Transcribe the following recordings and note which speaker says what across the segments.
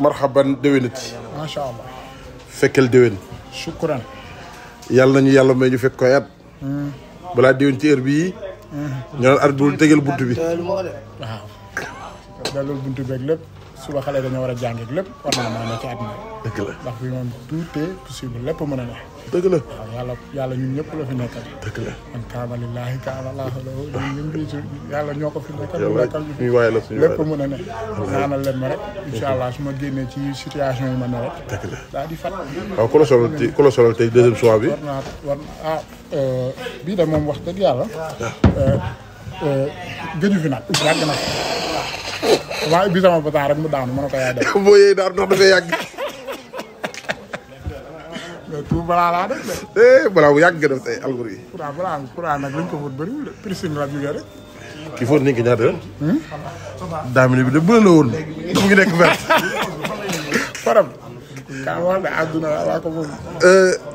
Speaker 1: marhaban déwénati. macha allah. fekkel déwén. shukran. yàlla nañu yàlla may ñu fekk koy at. Hmm. balaa déwén ci heure bii. Hmm. ñu naan at bul tegal bunt bi. waaw. parce que loolu buntu beeg lépp suba xale dañoo war a jàng ak lépp war naa mën a ne ci àdduna dëgg la ndax bi moom tout possible lépp mën a ne dëgg la waaw yàlla ñëpp la fi nekkal dëgg la man ñoo ko fi nekkal ñu nekkal la suñu lépp mën a ne ñaanal ma rek incha allah su ma génnee ci situation yi ma ne rek dëgg la daal di fat waaw cholestérol cholestérol tey deuxième bi war ah, euh, wax dëgg yàlla ah. euh, euh, gëju fi nag yàgg na damaa ubbi sama bataan rek mu daanu mën na ko yaay def. boo yee daan ndox dafay yàgg. mais tout balaa de. Eh, balaa bu yàgg nga def tey yi. courant balaa nag lañ ko fóot bëriwul de piscine la jógee rek. kii fóot nañ ko ñaata yoon. Hmm? daa bi de bële la woon. mu nekk vert. kaama wax de àdduna laa ko moom.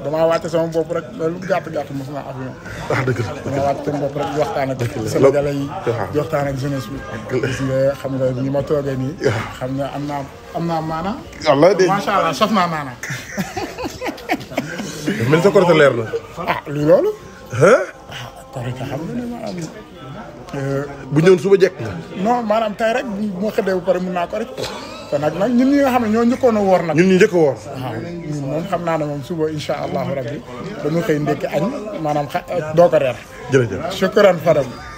Speaker 1: damaa wàcce sama bopp rek loolu gàtt gàtt mosuma ak ñoom. wax dëgg la damaa wàcce sama bopp rek waxtaan ak. Sénégalais yi waxtaan ak jeunesse bi. gis nga xam nga ni ma toogee nii. xam nga am naa am naa maana. wallaahi de macha allah sof naa maana. mel sa korite leer na. ah lu loolu. ah korite xam nga ne maanaam. bu ñëwoon suba jekk nga. non maanaam tey rek bu ma xëddee ba pare mun naa ko rek. te nag nag ñun ñi nga xam ne ñoo njëkkoon a woor nag ñun ñu njëkk a woor moom xam naa ne moom suba insha allahu rabbi dañu koy ndékki añ maanaam xa doo ko reer jërëjëf shukran Fadam